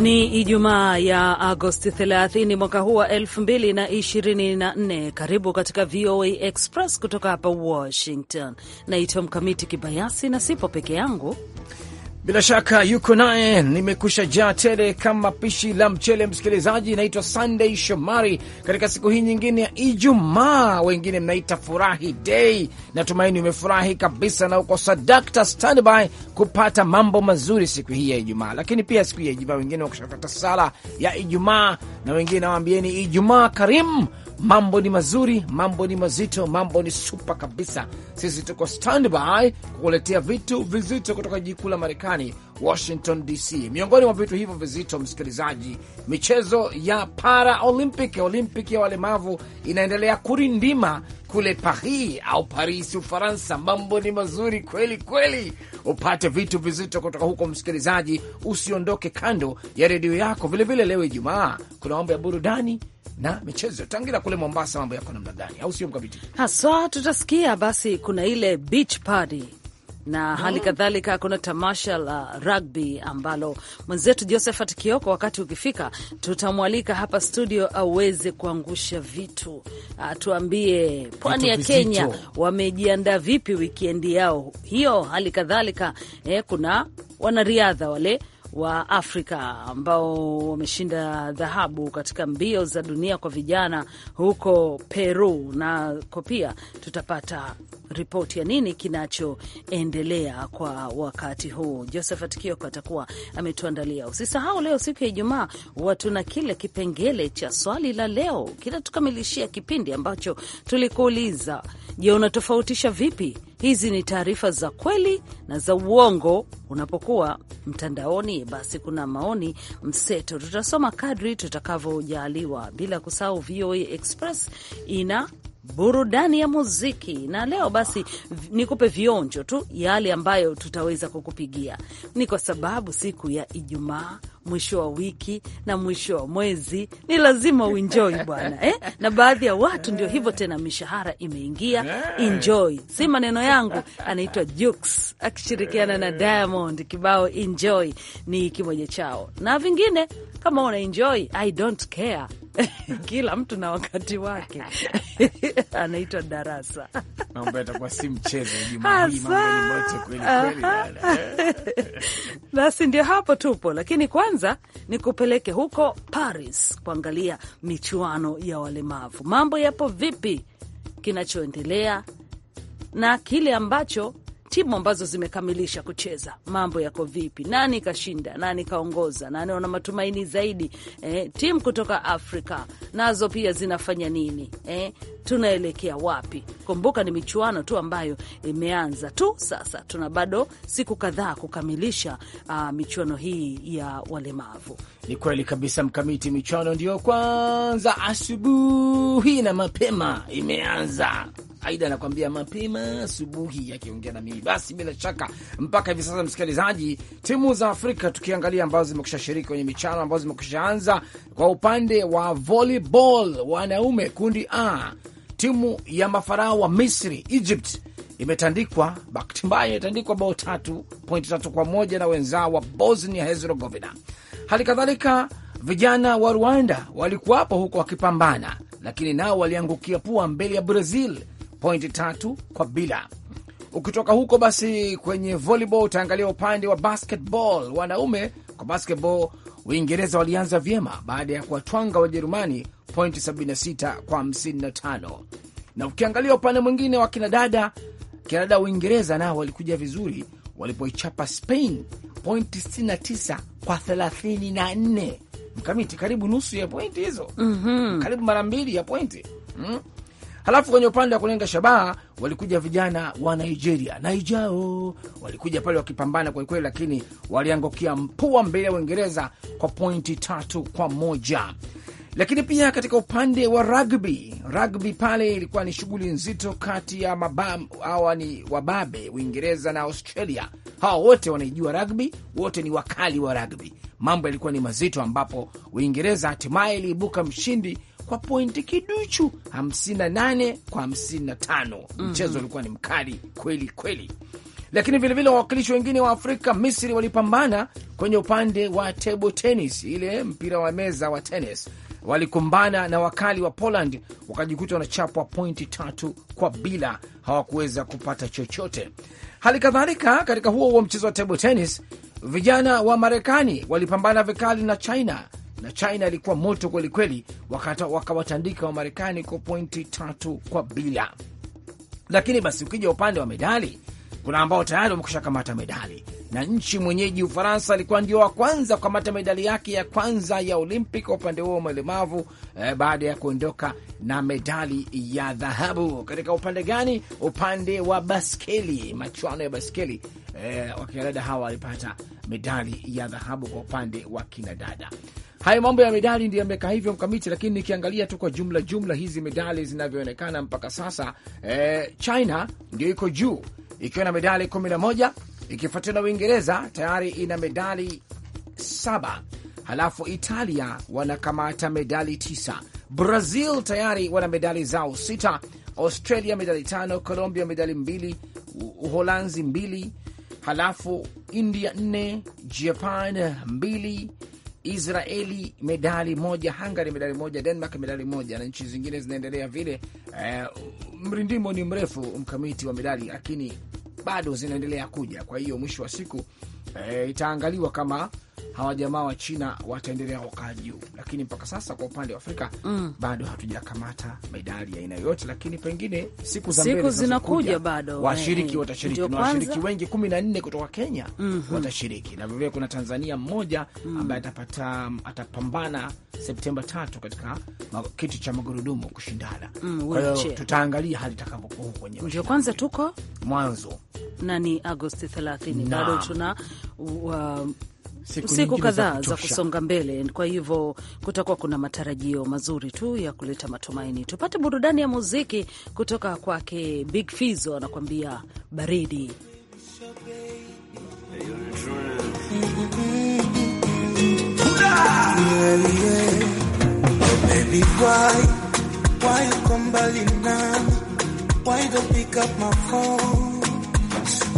Ni Ijumaa ya Agosti 30 mwaka huu wa 2024. Karibu katika VOA Express kutoka hapa Washington. Naitwa Mkamiti Kibayasi na sipo peke yangu bila shaka yuko naye, nimekusha jaa tele kama pishi la mchele. Msikilizaji, naitwa Sunday Shomari katika siku hii nyingine ya Ijumaa, wengine mnaita furahi dei. Natumaini umefurahi kabisa na uko sadakta standby kupata mambo mazuri siku hii ya Ijumaa. Lakini pia siku hii ya Ijumaa wengine wakushapata sala ya Ijumaa, na wengine nawaambieni Ijumaa karimu Mambo ni mazuri, mambo ni mazito, mambo ni supa kabisa. Sisi tuko standby kukuletea vitu vizito kutoka jiji kuu la Marekani, Washington DC. Miongoni mwa vitu hivyo vizito, msikilizaji, michezo ya Para Olympic, Olympic ya walemavu inaendelea kurindima kule Paris au Paris, Ufaransa. Mambo ni mazuri kweli kweli, upate vitu vizito kutoka huko. Msikilizaji, usiondoke kando ya redio yako. Vilevile leo Ijumaa kuna mambo ya burudani na michezo. Tangira kule Mombasa, mambo yako namna gani, au sio Mkabiti? Haswa tutasikia basi, kuna ile beach party na mm. hali kadhalika kuna tamasha la rugby ambalo mwenzetu Josephat Kioko, wakati ukifika, tutamwalika hapa studio aweze kuangusha vitu, atuambie ah, pwani ya Kenya wamejiandaa vipi wikendi yao hiyo. Hali kadhalika eh, kuna wanariadha wale wa Afrika ambao wameshinda dhahabu katika mbio za dunia kwa vijana huko Peru, nako pia tutapata ripoti ya nini kinachoendelea kwa wakati huu. Josephat Kioko atakuwa ametuandalia. Usisahau leo siku ya Ijumaa watuna kile kipengele cha swali la leo, kinatukamilishia kipindi ambacho tulikuuliza, je, unatofautisha vipi hizi ni taarifa za kweli na za uongo unapokuwa mtandaoni? Basi kuna maoni mseto, tutasoma kadri tutakavyojaaliwa, bila kusahau VOA Express ina burudani ya muziki. Na leo basi nikupe vionjo tu yale ambayo tutaweza kukupigia, ni kwa sababu siku ya Ijumaa mwisho wa wiki na mwisho wa mwezi, ni lazima uenjoy bwana eh? Na baadhi ya watu ndio hivyo tena, mishahara imeingia, enjoy. Si maneno yangu, anaitwa Jux akishirikiana na Diamond, kibao enjoy ni kimoja chao, na vingine kama una enjoy I don't care kila mtu na wakati wake anaitwa darasa basi ndio hapo tupo, lakini kwanza kwanza ni kupeleke huko Paris kuangalia michuano ya walemavu. Mambo yapo vipi, kinachoendelea na kile ambacho timu ambazo zimekamilisha kucheza, mambo yako vipi? Nani kashinda? Nani kaongoza? Nani wana matumaini zaidi? Eh, timu kutoka Afrika nazo pia zinafanya nini? Eh, tunaelekea wapi? Kumbuka ni michuano tu ambayo imeanza tu sasa, tuna bado siku kadhaa kukamilisha uh, michuano hii ya walemavu. Ni kweli kabisa, Mkamiti. Michwano ndiyo kwanza asubuhi na mapema imeanza. Aida anakwambia mapema asubuhi, akiongea na mimi. Basi bila shaka, mpaka hivi sasa, msikilizaji, timu za Afrika tukiangalia ambazo zimekusha shiriki kwenye michano ambazo zimekusha anza. Kwa upande wa volleyball wanaume, kundi A, timu ya mafarao wa Misri, Egypt, imetandikwa bahati mbaya, imetandikwa bao tatu pointi tatu kwa moja na wenzao wa Bosnia Herzegovina. Hali kadhalika vijana wa Rwanda walikuwapo huko wakipambana, lakini nao waliangukia pua mbele ya Brazil pointi tatu kwa bila. Ukitoka huko basi kwenye volleyball utaangalia upande wa basketball wanaume. Kwa basketball, Uingereza walianza vyema baada ya kuwatwanga Wajerumani pointi 76 kwa 55, na ukiangalia upande mwingine wa kinadada, kinadada Uingereza nao walikuja vizuri walipoichapa Spain pointi 69 kwa 34. Mkamiti karibu nusu ya pointi hizo mm -hmm. karibu mara mbili ya pointi mm. Halafu kwenye upande wa kulenga shabaha walikuja vijana wa Nigeria Naijao, walikuja pale wakipambana kwelikweli, lakini waliangukia mpua mbele ya Uingereza kwa pointi tatu kwa moja. Lakini pia katika upande wa rugby, rugby pale ilikuwa ni shughuli nzito kati ya mabam, hawa ni wababe Uingereza na Australia. Hawa wote wanaijua rugby, wote ni wakali wa rugby. Mambo yalikuwa ni mazito, ambapo Uingereza hatimaye iliibuka mshindi kwa pointi kiduchu 58 kwa 55. Mhm. Mchezo ulikuwa ni mkali kweli kweli, lakini vilevile wawakilishi wengine wa Afrika, Misri, walipambana kwenye upande wa table tennis, ile mpira wa meza wa tennis walikumbana na wakali wa Poland wakajikuta wanachapwa pointi tatu kwa bila, hawakuweza kupata chochote. Hali kadhalika katika huo huo mchezo wa table tennis, vijana wa Marekani walipambana vikali na China na China ilikuwa moto kwelikweli, wakawatandika wa Marekani kwa pointi tatu kwa bila. Lakini basi ukija upande wa medali, kuna ambao tayari wamekusha kamata medali na nchi mwenyeji Ufaransa alikuwa ndio wa kwanza kukamata medali yake ya kwanza ya Olimpik kwa upande huo mwelemavu eh, baada ya kuondoka na medali ya dhahabu. Katika upande gani? Upande wa baskeli, machuano ya baskeli eh, wakinadada hawa walipata medali ya dhahabu kwa upande wa kinadada. Haya mambo ya medali ndiyo yamekaa hivyo mkamiti, lakini nikiangalia tu kwa jumla jumla hizi medali zinavyoonekana mpaka sasa eh, China ndio iko juu ikiwa na medali kumi na moja ikifuatiwa na Uingereza tayari ina medali saba, halafu Italia wanakamata medali tisa, Brazil tayari wana medali zao sita, Australia medali tano, Colombia medali mbili, Uholanzi mbili, halafu India nne, Japan mbili, Israeli medali moja, Hungary medali moja, Denmark medali moja, na nchi zingine zinaendelea vile. Eh, mrindimo ni mrefu mkamiti wa medali, lakini bado zinaendelea kuja. Kwa hiyo mwisho wa siku e, itaangaliwa kama hawa jamaa wa China wataendelea kukaa juu, lakini mpaka sasa kwa upande wa Afrika mm. bado hatujakamata medali ya aina yoyote, lakini pengine siku za mbele zinakuja, bado eh. washiriki watashiriki na washiriki wengi kumi na nne kutoka Kenya mm -hmm. watashiriki na vilevile kuna Tanzania mmoja mm. ambaye atapata um, atapambana Septemba tatu katika kiti cha magurudumu kushindana mm, kwa hiyo tutaangalia hali itakapokuwa huko kwenye ndio kwanza tuko mwanzo na ni Agosti 30 bado tuna uh, siku, siku kadhaa za kusonga mbele. Kwa hivyo kutakuwa kuna matarajio mazuri tu ya kuleta matumaini. Tupate burudani ya muziki kutoka kwake Big fizo anakuambia baridi yeah,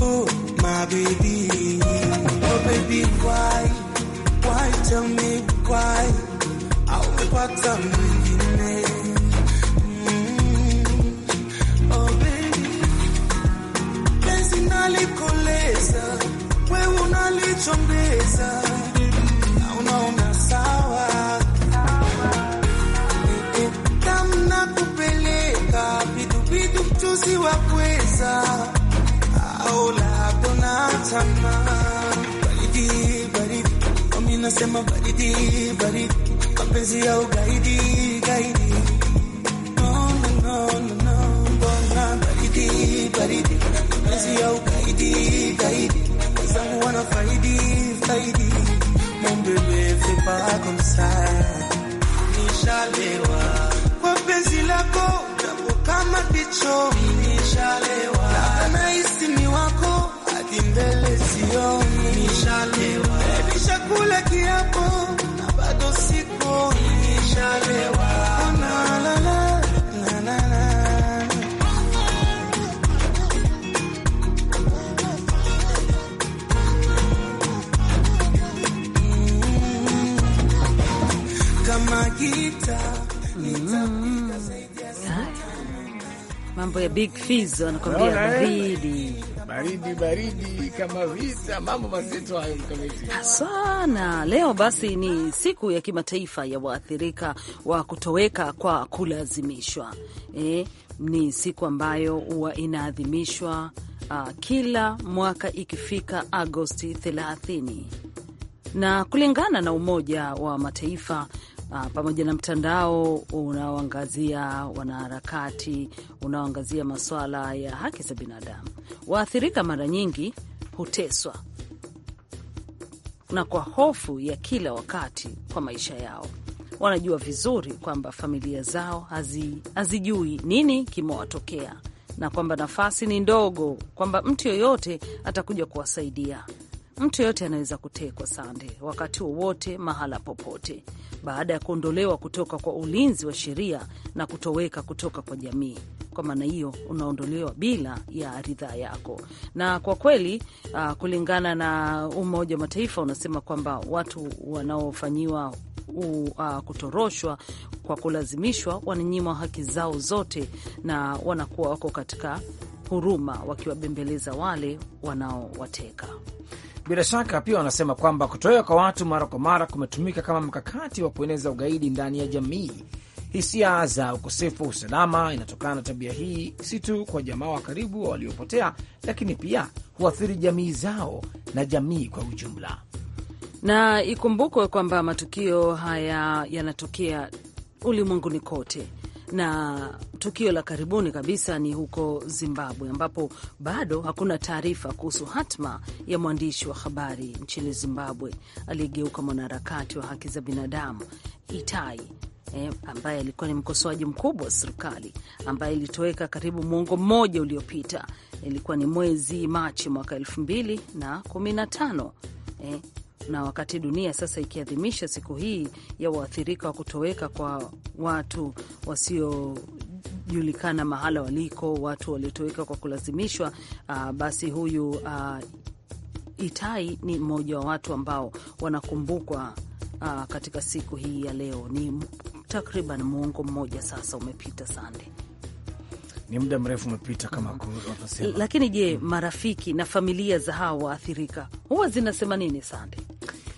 oh, yeah baby, why why, tell me why aupata mwingine? Oh, penzi nalikoleza, wewe unalichongeza na unaona kupeleka viduvidu mchuzi wa au la, hakuna tamaa unasema baridi baridi, mapenzi ya ugaidi gaidi, no no no no, bona baridi baridi, mapenzi ya ugaidi gaidi, zangu wana faidi faidi, mon bebe fais pas comme ça, nishalewa kwa penzi lako kama kicho, nishalewa na isi ni wako hadi mbele sioni, nishalewa nimekula kiapo na bado siko nishalewa Mambo ya Big Fizz wanakwambia eh? baridi baridi baridi. Kamariza, mambo mazito hayo mkamiti sana leo. Basi ni siku ya kimataifa ya waathirika wa kutoweka kwa kulazimishwa. E, ni siku ambayo huwa inaadhimishwa uh, kila mwaka ikifika Agosti 30 na kulingana na Umoja wa Mataifa Uh, pamoja na mtandao unaoangazia wanaharakati unaoangazia masuala ya haki za binadamu, waathirika mara nyingi huteswa na kwa hofu ya kila wakati kwa maisha yao. Wanajua vizuri kwamba familia zao hazijui nini kimewatokea na kwamba nafasi ni ndogo, kwamba mtu yoyote atakuja kuwasaidia. Mtu yoyote anaweza kutekwa Sande wakati wowote, mahala popote, baada ya kuondolewa kutoka kwa ulinzi wa sheria na kutoweka kutoka kwa jamii. Kwa maana hiyo, unaondolewa bila ya ridhaa yako. Na kwa kweli, uh, kulingana na Umoja wa Mataifa unasema kwamba watu wanaofanyiwa uh, kutoroshwa kwa kulazimishwa wananyimwa haki zao zote na wanakuwa wako katika huruma, wakiwabembeleza wale wanaowateka. Bila shaka pia wanasema kwamba kutoweka kwa watu mara kwa mara kumetumika kama mkakati wa kueneza ugaidi ndani ya jamii. Hisia za ukosefu wa usalama inatokana na tabia hii, si tu kwa jamaa wa karibu waliopotea, lakini pia huathiri jamii zao na jamii kwa ujumla. Na ikumbukwe kwamba matukio haya yanatokea ulimwenguni kote na tukio la karibuni kabisa ni huko Zimbabwe, ambapo bado hakuna taarifa kuhusu hatma ya mwandishi wa habari nchini Zimbabwe aliyegeuka mwanaharakati wa haki za binadamu Itai eh, ambaye alikuwa ni mkosoaji mkubwa wa serikali ambaye ilitoweka karibu mwongo mmoja uliopita. Ilikuwa ni mwezi Machi mwaka elfu mbili na kumi na tano. Eh, na wakati dunia sasa ikiadhimisha siku hii ya waathirika wa kutoweka kwa watu wasio julikana mahala waliko, watu waliotoweka kwa kulazimishwa. Uh, basi huyu uh, Itai ni mmoja wa watu ambao wanakumbukwa uh, katika siku hii ya leo. Ni takriban muongo mmoja sasa umepita, Sande ni muda mrefu umepita kama wanavyosema. Lakini je, marafiki na familia za hawa waathirika huwa zinasema nini Sande?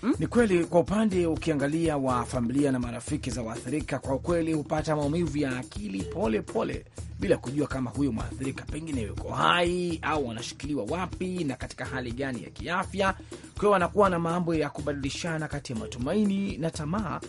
Hmm? Ni kweli kwa upande ukiangalia wa familia na marafiki za waathirika, kwa ukweli hupata maumivu ya akili pole pole, bila kujua kama huyo mwathirika pengine yuko hai au wanashikiliwa wapi na katika hali gani ya kiafya. Kwa hiyo wanakuwa na mambo ya kubadilishana kati ya matumaini na tamaa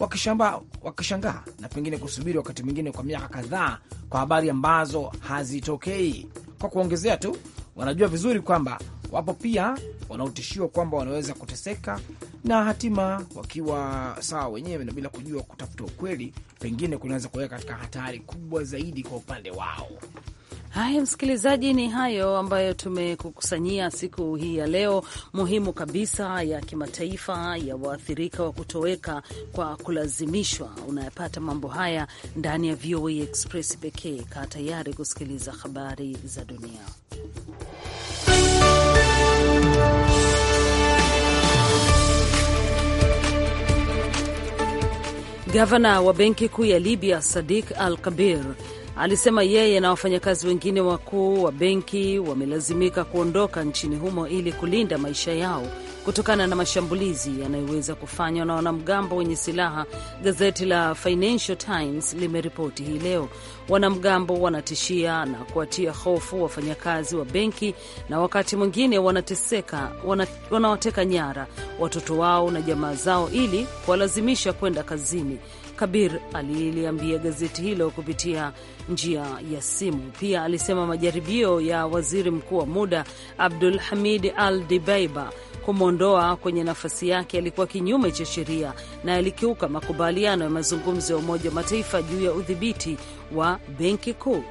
wakishangaa na pengine kusubiri wakati mwingine kwa miaka kadhaa kwa habari ambazo hazitokei. Kwa kuongezea tu, wanajua vizuri kwamba wapo pia wanaotishiwa kwamba wanaweza kuteseka na hatima wakiwa sawa wenyewe na bila kujua kutafuta ukweli, pengine kunaweza kuweka katika hatari kubwa zaidi kwa upande wao. Haya, msikilizaji, ni hayo ambayo tumekukusanyia siku hii ya leo, muhimu kabisa ya kimataifa ya waathirika wa kutoweka kwa kulazimishwa. Unayapata mambo haya ndani ya VOA e Express pekee. Kaa tayari kusikiliza habari za dunia. Gavana wa benki kuu ya Libya Sadik Al Kabir alisema yeye na wafanyakazi wengine wakuu wa benki wamelazimika kuondoka nchini humo ili kulinda maisha yao kutokana na mashambulizi yanayoweza kufanywa na wanamgambo wenye silaha. Gazeti la Financial Times limeripoti hii leo, wanamgambo wanatishia na kuwatia hofu wafanyakazi wa benki, na wakati mwingine wanateseka, wanawateka nyara watoto wao na jamaa zao ili kuwalazimisha kwenda kazini Kabir aliliambia gazeti hilo kupitia njia ya simu. Pia alisema majaribio ya waziri mkuu wa muda Abdul Hamid Al Dibeiba kumwondoa kwenye nafasi yake alikuwa kinyume cha sheria na alikiuka makubaliano ya mazungumzo ya Umoja wa Mataifa juu ya udhibiti wa benki kuu.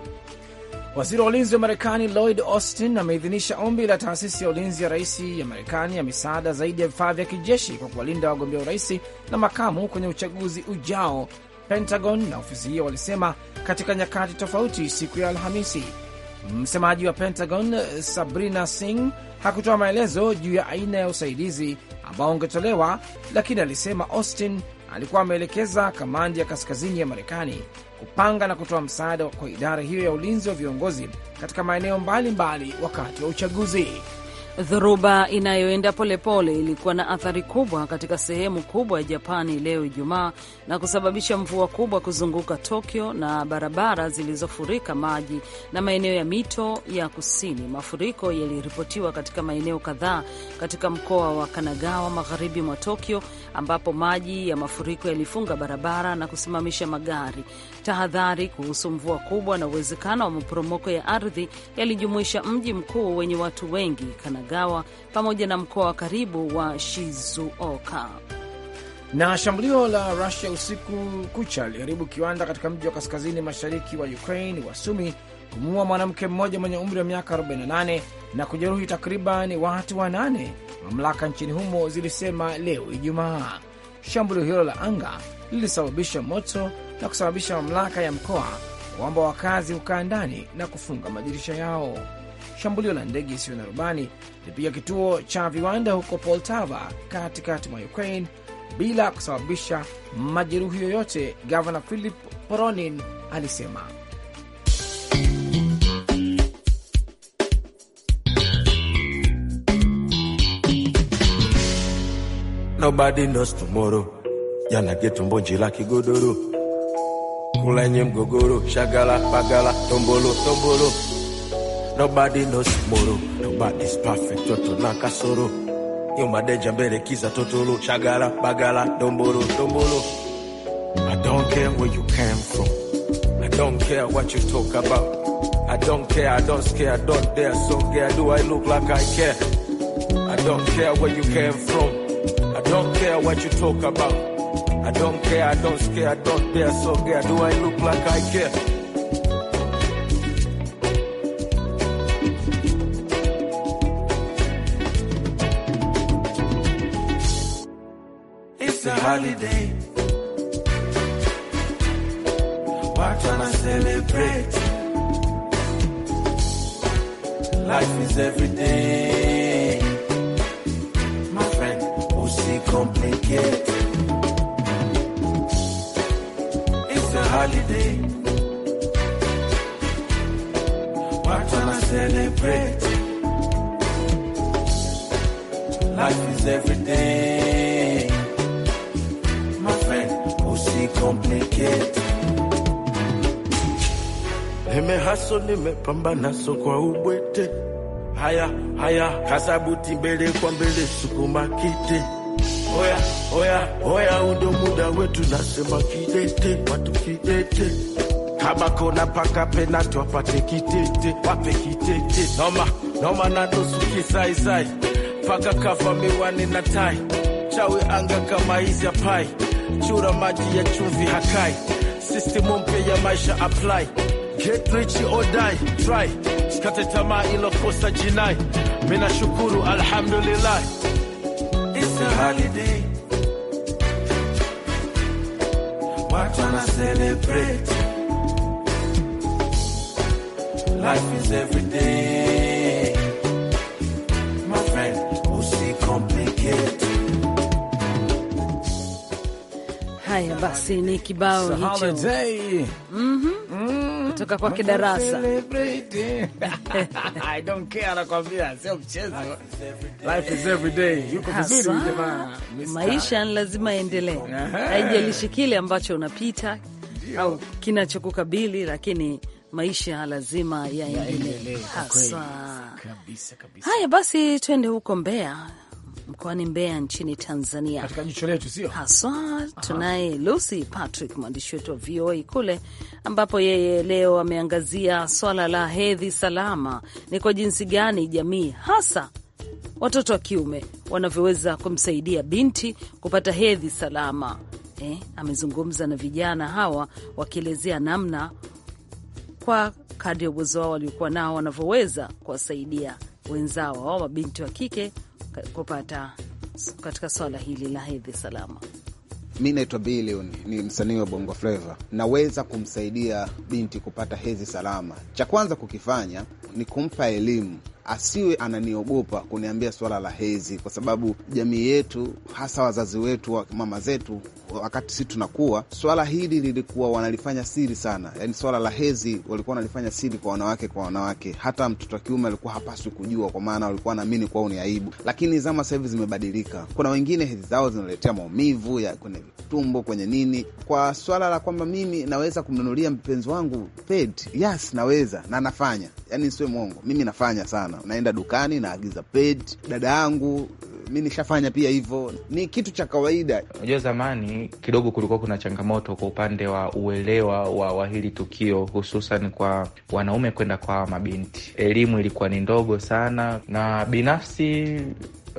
Waziri wa ulinzi wa Marekani Lloyd Austin ameidhinisha ombi la taasisi ya ulinzi ya rais ya Marekani ya misaada zaidi ya vifaa vya kijeshi kwa kuwalinda wagombea urais na makamu kwenye uchaguzi ujao. Pentagon na ofisi hiyo walisema katika nyakati tofauti siku ya Alhamisi. Msemaji wa Pentagon Sabrina Singh hakutoa maelezo juu ya aina ya usaidizi ambao ungetolewa, lakini alisema Austin alikuwa ameelekeza kamandi ya kaskazini ya Marekani kupanga na kutoa msaada kwa idara hiyo ya ulinzi wa viongozi katika maeneo mbalimbali wakati wa uchaguzi. Dhoruba inayoenda polepole ilikuwa na athari kubwa katika sehemu kubwa ya Japani leo Ijumaa na kusababisha mvua kubwa kuzunguka Tokyo na barabara zilizofurika maji na maeneo ya mito ya kusini. Mafuriko yaliripotiwa katika maeneo kadhaa katika mkoa wa Kanagawa magharibi mwa Tokyo ambapo maji ya mafuriko yalifunga barabara na kusimamisha magari Tahadhari kuhusu mvua kubwa na uwezekano wa maporomoko ya ardhi yalijumuisha mji mkuu wenye watu wengi Kanagawa, pamoja na mkoa wa karibu wa Shizuoka. Na shambulio la Rusia usiku kucha liliharibu kiwanda katika mji wa kaskazini mashariki wa Ukraine wa Sumi, kumuua mwanamke mmoja mwenye umri wa miaka 48 na kujeruhi takriban watu wanane, mamlaka nchini humo zilisema leo Ijumaa. Shambulio hilo la anga lilisababisha moto na kusababisha mamlaka ya mkoa kuomba wakazi kukaa ndani na kufunga madirisha yao. Shambulio la ndege isiyo na rubani lipiga kituo cha viwanda huko Poltava katikati mwa Ukraine bila kusababisha majeruhi yoyote, gavana Philip Poronin alisema. Nobody knows tomorrow, jana njila kigodoro shagala, bagala, tombolo, tombolo. Nobody knows nobody's perfect, toto mbele kiza totolo, shagala, bagala, tombolo, tombolo. I don't care where you came from, I don't care what you talk about. I don't care, I don't care, I don't dare. So care, do I look like I care? I don't care where you came from. I don't care what you talk about. I don't care, I don't scare, I don't dare, so care. Do I look like I care? It's a holiday. Why are celebrate. Life is every day. Nimehaso, nimepambana so kwa ubwete. Haya haya, kasabuti mbele kwa mbele, sukuma kite. Oya oya oya, undo muda wetu, nasema kidete, watu kidete kabako na paka penati wapate kitete, wape kitete noma noma na dosu paka kafa miwani na tai chawi anga kama hizi apai chura maji ya chumvi hakai, sistimu mpya ya maisha apply Get rich or die, try. Sikate tamaa jinai. alhamdulillah. It's a holiday. Watu to celebrate. Life is every day. My friend, Haya basi ni kibao hicho. Holiday. Mhm. Mm kutoka kwake darasa. I don't care, anakwambia sio mchezo, life is every day. Yuko vizuri jamaa, maisha lazima endelee, haijalishi kile ambacho unapita au kinachokukabili, lakini maisha lazima yaendelee. haya, basi twende huko Mbeya mkoani Mbeya nchini Tanzania. Katika jicho letu, sio haswa, tunaye Lucy Patrick, mwandishi wetu wa VOA kule, ambapo yeye leo ameangazia swala la hedhi salama, ni kwa jinsi gani jamii hasa watoto wa kiume wanavyoweza kumsaidia binti kupata hedhi salama. Eh, amezungumza na vijana hawa wakielezea namna kwa kadri ya uwezo wao waliokuwa nao wanavyoweza kuwasaidia wenzao wa mabinti wa kike kupata katika swala hili la hedhi salama? Mi naitwa Bilion, ni msanii wa Bongo Flava. Naweza kumsaidia binti kupata hedhi salama, cha kwanza kukifanya ni kumpa elimu asiwe ananiogopa kuniambia swala la hedhi, kwa sababu jamii yetu hasa wazazi wetu wa mama zetu wakati si tunakuwa, swala hili lilikuwa wanalifanya siri sana, yani swala la hezi walikuwa wanalifanya siri kwa wanawake kwa wanawake, hata mtoto wa kiume alikuwa hapaswi kujua, kwa maana walikuwa naamini kwao ni aibu. Lakini zama sasa hivi zimebadilika, kuna wengine hezi zao zinaletea maumivu ya kwenye vitumbo, kwenye nini, kwa swala la kwamba mimi naweza kumnunulia mpenzi wangu pedi. Yes, naweza na nafanya, yani siwe mwongo, mimi nafanya sana, naenda dukani naagiza pedi, dada yangu mi nishafanya pia hivyo, ni kitu cha kawaida. Unajua, zamani kidogo kulikuwa kuna changamoto kwa upande wa uelewa wa, wa hili tukio, hususan kwa wanaume kwenda kwa mabinti. Elimu ilikuwa ni ndogo sana, na binafsi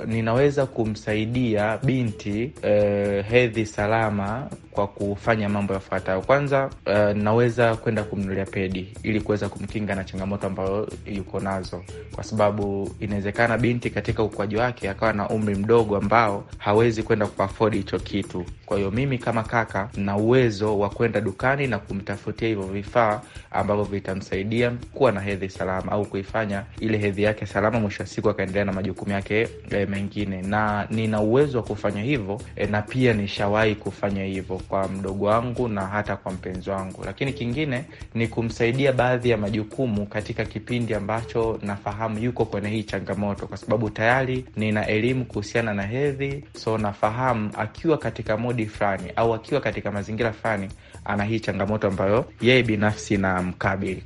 ninaweza kumsaidia binti eh, hedhi salama kwa kufanya mambo yafuatayo. Kwanza eh, naweza kwenda kumnulia pedi ili kuweza kumkinga na changamoto ambayo yuko nazo, kwa sababu inawezekana binti katika ukuaji wake akawa na umri mdogo ambao hawezi kwenda kuafodi hicho kitu. Kwa hiyo mimi kama kaka na uwezo wa kwenda dukani na kumtafutia hivyo vifaa ambavyo vitamsaidia kuwa na hedhi salama au kuifanya ile hedhi yake salama, mwisho wa siku akaendelea na majukumu yake e, mengine, na nina uwezo wa kufanya hivyo e, na pia nishawahi kufanya hivyo kwa mdogo wangu na hata kwa mpenzi wangu. Lakini kingine ni kumsaidia baadhi ya majukumu katika kipindi ambacho nafahamu yuko kwenye hii changamoto, kwa sababu tayari nina elimu kuhusiana na hedhi, so nafahamu akiwa katika modi fulani au akiwa katika mazingira fulani ana hii changamoto ambayo yeye binafsi inamkabili.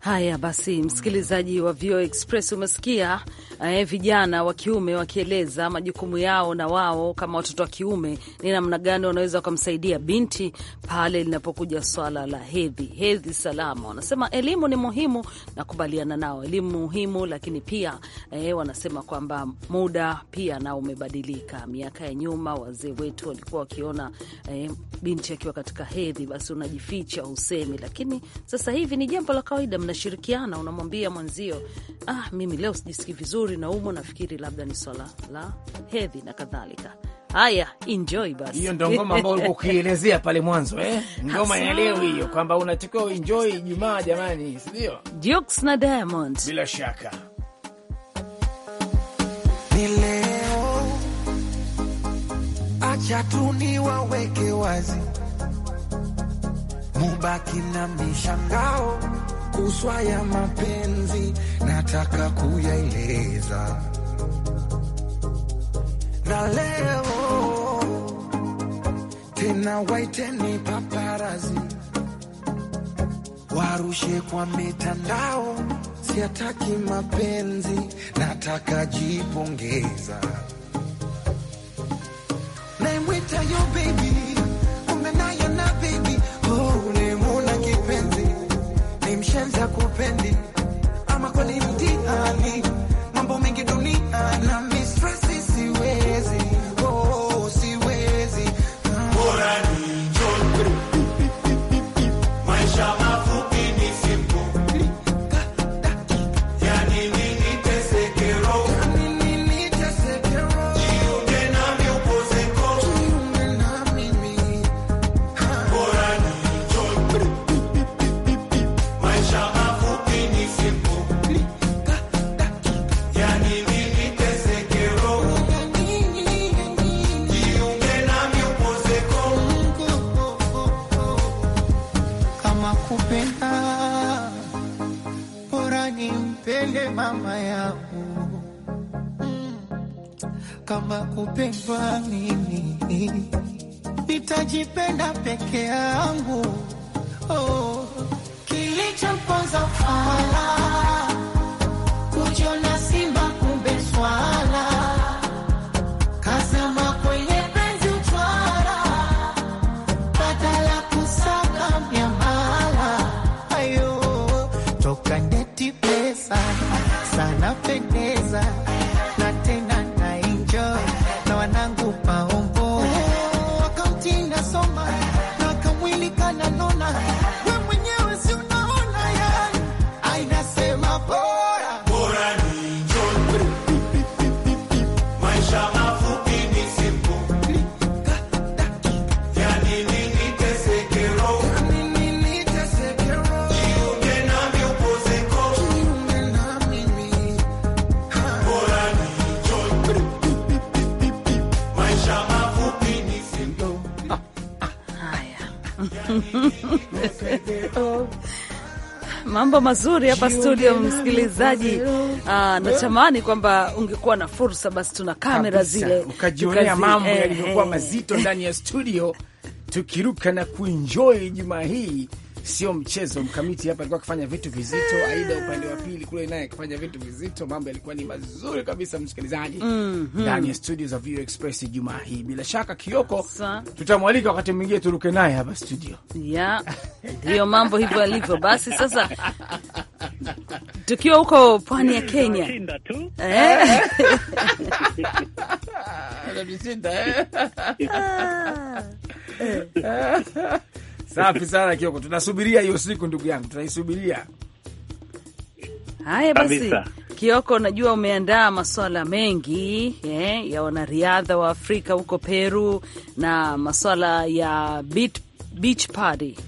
Haya basi, msikilizaji wa VOA Express, umesikia eh, vijana wa kiume wakieleza majukumu yao na wao kama watoto wa kiume ni namna gani wanaweza wakamsaidia binti pale linapokuja swala la hedhi, hedhi salama. Wanasema elimu ni muhimu, nakubaliana nao, elimu muhimu, lakini pia eh, wanasema kwamba muda pia nao umebadilika. Miaka ya nyuma wazee wetu walikuwa wakiona eh, binti akiwa katika hedhi, basi unajificha usemi, lakini sasa hivi ni jambo la kawaida mnashirikiana, unamwambia mwenzio, ah, mimi leo sijisiki vizuri, na umo nafikiri labda ni swala la hedhi na kadhalika. Haya, enjoy basi. Hiyo ndo ngoma ambayo ulikuwa ukielezea pale mwanzo eh? Ngoma ya leo hiyo kwamba unatakiwa uenjoy Ijumaa jamani, si ndio? Jux na Diamond. Bila shaka. Ni leo. Acha tu niwaweke wazi. Mubaki na mishangao kuswa ya mapenzi nataka kuyaeleza, na leo tena waiteni paparazi warushe kwa mitandao, siataki mapenzi, nataka jipongeza, naimwita yo baby shenza kupendi ama kweli mtiani mambo mengi duniani sana, sana peke mambo mazuri hapa studio, msikilizaji. Aa, ah, natamani kwamba ungekuwa na fursa basi, tuna kamera zile ukajionea mambo eh, yalivyokuwa eh. mazito ndani ya studio tukiruka na kuenjoy jumaa hii sio mchezo. Mkamiti hapa alikuwa akifanya vitu vizito, Aida upande wa pili kule naye akifanya vitu vizito. Mambo yalikuwa ni mazuri kabisa, msikilizaji, mhm. ndani mm -hmm. ya studio za Vio Express jumaa hii. Bila shaka, Kioko tutamwalika wakati mwingine, turuke naye hapa studio yeah. Ndiyo mambo hivyo yalivyo. Basi sasa tukiwa huko pwani ya Kenya Safi sana Kioko, tunasubiria hiyo siku ndugu yangu, tunaisubiria. Haya basi, Kioko, unajua umeandaa maswala mengi eh, ya wanariadha wa Afrika huko Peru na maswala ya beat, beach party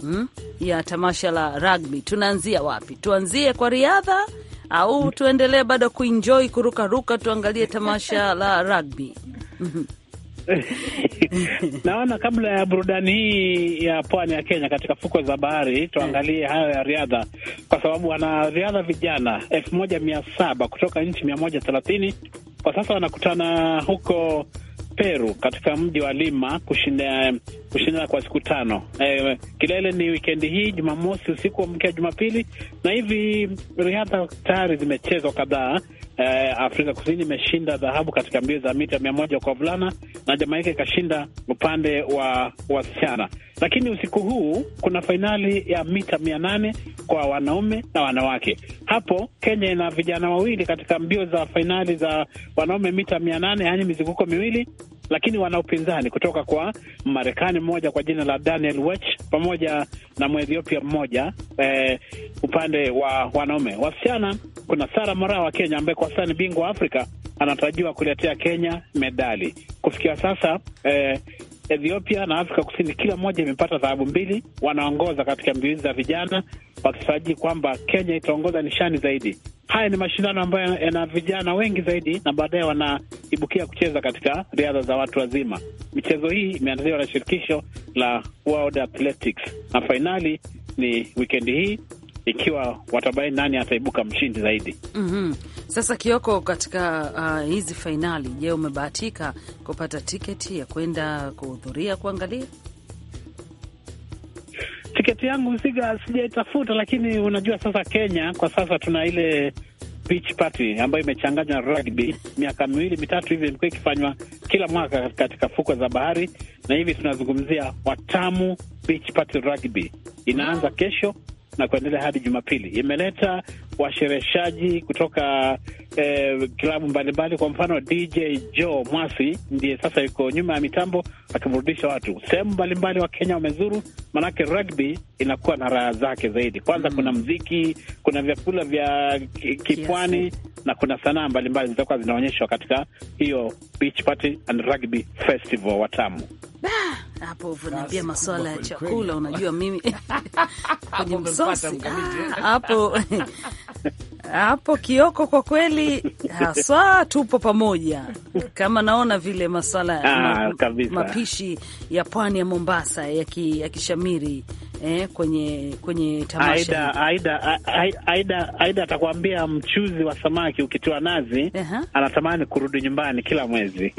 hmm, ya tamasha la rugby. Tunaanzia wapi? Tuanzie kwa riadha au tuendelee bado kuinjoi kurukaruka, tuangalie tamasha la rugby? Naona kabla ya burudani hii ya pwani ya Kenya katika fukwe za bahari, tuangalie hayo ya riadha, kwa sababu wanariadha vijana elfu moja mia saba kutoka nchi mia moja thelathini kwa sasa wanakutana huko Peru katika mji wa Lima kushindana kwa siku tano. E, kilele ni wikendi hii Jumamosi usiku wa mkia Jumapili, na hivi riadha tayari zimechezwa kadhaa eh, Afrika Kusini imeshinda dhahabu katika mbio za mita mia moja kwa vulana na Jamaika ikashinda upande wa wasichana. Lakini usiku huu kuna fainali ya mita mia nane kwa wanaume na wanawake. Hapo Kenya ina vijana wawili katika mbio za fainali za wanaume mita mia nane, yaani mizunguko miwili lakini wana upinzani kutoka kwa Marekani mmoja kwa jina la Daniel Wech pamoja na Mwethiopia mmoja eh, upande wa wanaume. Wasichana kuna Sara Moraa wa Kenya ambaye kwa sasa ni bingwa wa Afrika, anatarajiwa kuletea Kenya medali. Kufikia sasa eh, Ethiopia na Afrika Kusini kila mmoja imepata dhahabu mbili, wanaongoza katika mbio za vijana wakitarajia kwamba Kenya itaongoza nishani zaidi. Haya ni mashindano ambayo yana vijana wengi zaidi na baadaye wanaibukia kucheza katika riadha za watu wazima. Michezo hii imeandaliwa na shirikisho la World Athletics na fainali ni wikendi hii ikiwa watabaini nani ataibuka mshindi zaidi. mm -hmm. Sasa Kioko, katika uh, hizi fainali, je, umebahatika kupata tiketi ya kwenda kuhudhuria kuangalia? tiketi yangu siga sijaitafuta, lakini unajua sasa Kenya kwa sasa tuna ile beach party ambayo imechanganywa na rugby. Miaka miwili mitatu hivi imekuwa ikifanywa kila mwaka katika fukwe za bahari, na hivi tunazungumzia Watamu Beach Party Rugby inaanza kesho na kuendelea hadi Jumapili. Imeleta washereheshaji kutoka eh, klabu mbalimbali. Kwa mfano, DJ Joe Mwasi ndiye sasa yuko nyuma ya mitambo akimrudisha watu sehemu mbalimbali. Wa Kenya wamezuru, manake rugby inakuwa na raha zake zaidi. Kwanza mm. kuna mziki, kuna vyakula vya kipwani yes. na kuna sanaa mbalimbali zitakuwa zinaonyeshwa katika hiyo beach party and rugby festival Watamu hapo uvyoniambia masuala ya chakula, unajua mimi kwenye msosi ah, hapo hapo Kioko, kwa kweli haswa tupo pamoja, kama naona vile maswala ah, mapishi ya pwani ya Mombasa yakishamiri ya eh, kwenye kwenye tamasha. Aida atakuambia mchuzi wa samaki ukitiwa nazi uh -huh. Anatamani kurudi nyumbani kila mwezi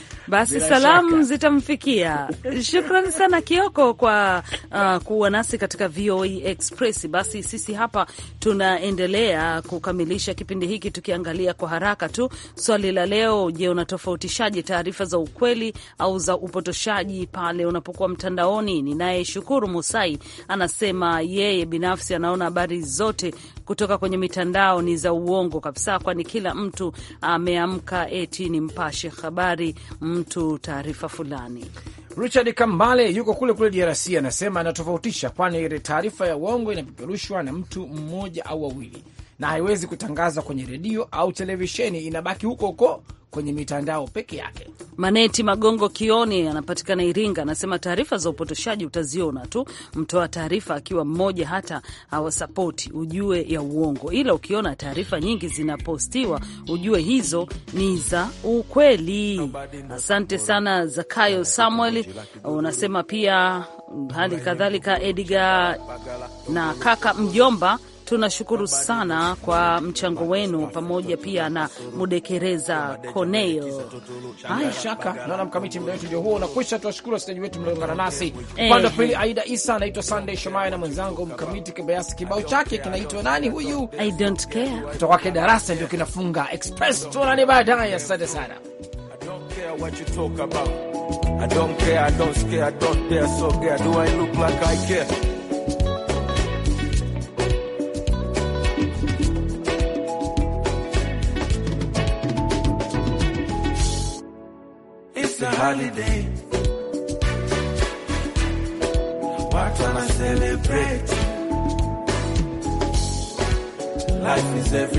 Basi salamu zitamfikia. shukran sana Kioko kwa uh, kuwa nasi katika VOA e Express. Basi sisi hapa tunaendelea kukamilisha kipindi hiki tukiangalia kwa haraka tu swali la leo. Je, unatofautishaje taarifa za ukweli au za upotoshaji pale unapokuwa mtandaoni? Ninaye Shukuru Musai anasema yeye binafsi anaona habari zote kutoka kwenye mitandao ni za uongo kabisa, kwani kila mtu ameamka eti ni mpashe habari mm, mtu taarifa fulani. Richard Kambale yuko kule kule DRC anasema anatofautisha, kwani ile taarifa ya uongo inapeperushwa na mtu mmoja au wawili, na haiwezi kutangazwa kwenye redio au televisheni, inabaki huko huko kwenye mitandao peke yake. Maneti Magongo Kioni anapatikana Iringa, anasema taarifa za upotoshaji utaziona tu, mtoa taarifa akiwa mmoja, hata hawasapoti ujue ya uongo, ila ukiona taarifa nyingi zinapostiwa ujue hizo ni za ukweli. Asante sana Zakayo Samuel, unasema pia hali kadhalika Edgar na kaka mjomba Tunashukuru sana kwa mchango wenu, pamoja pia na Mudekereza Cornel. Haya shaka naona mkamiti mda wetu ndio huo unakwisha. Tuwashukuru wasikilizaji wetu mliungana nasi eh. upande wa pili. Aida Isa anaitwa Sunday Shomaya na mwenzangu mkamiti kibayasi. Kibao chake kinaitwa nani huyu, I don't care, kutoka kwake Darasa ndio kinafunga Express. Tuonane baadaye, asante sana. What you talk about. I don't care, I don't scare, I don't dare, so care. Do I look like I care? holiday. What can I celebrate? Life is every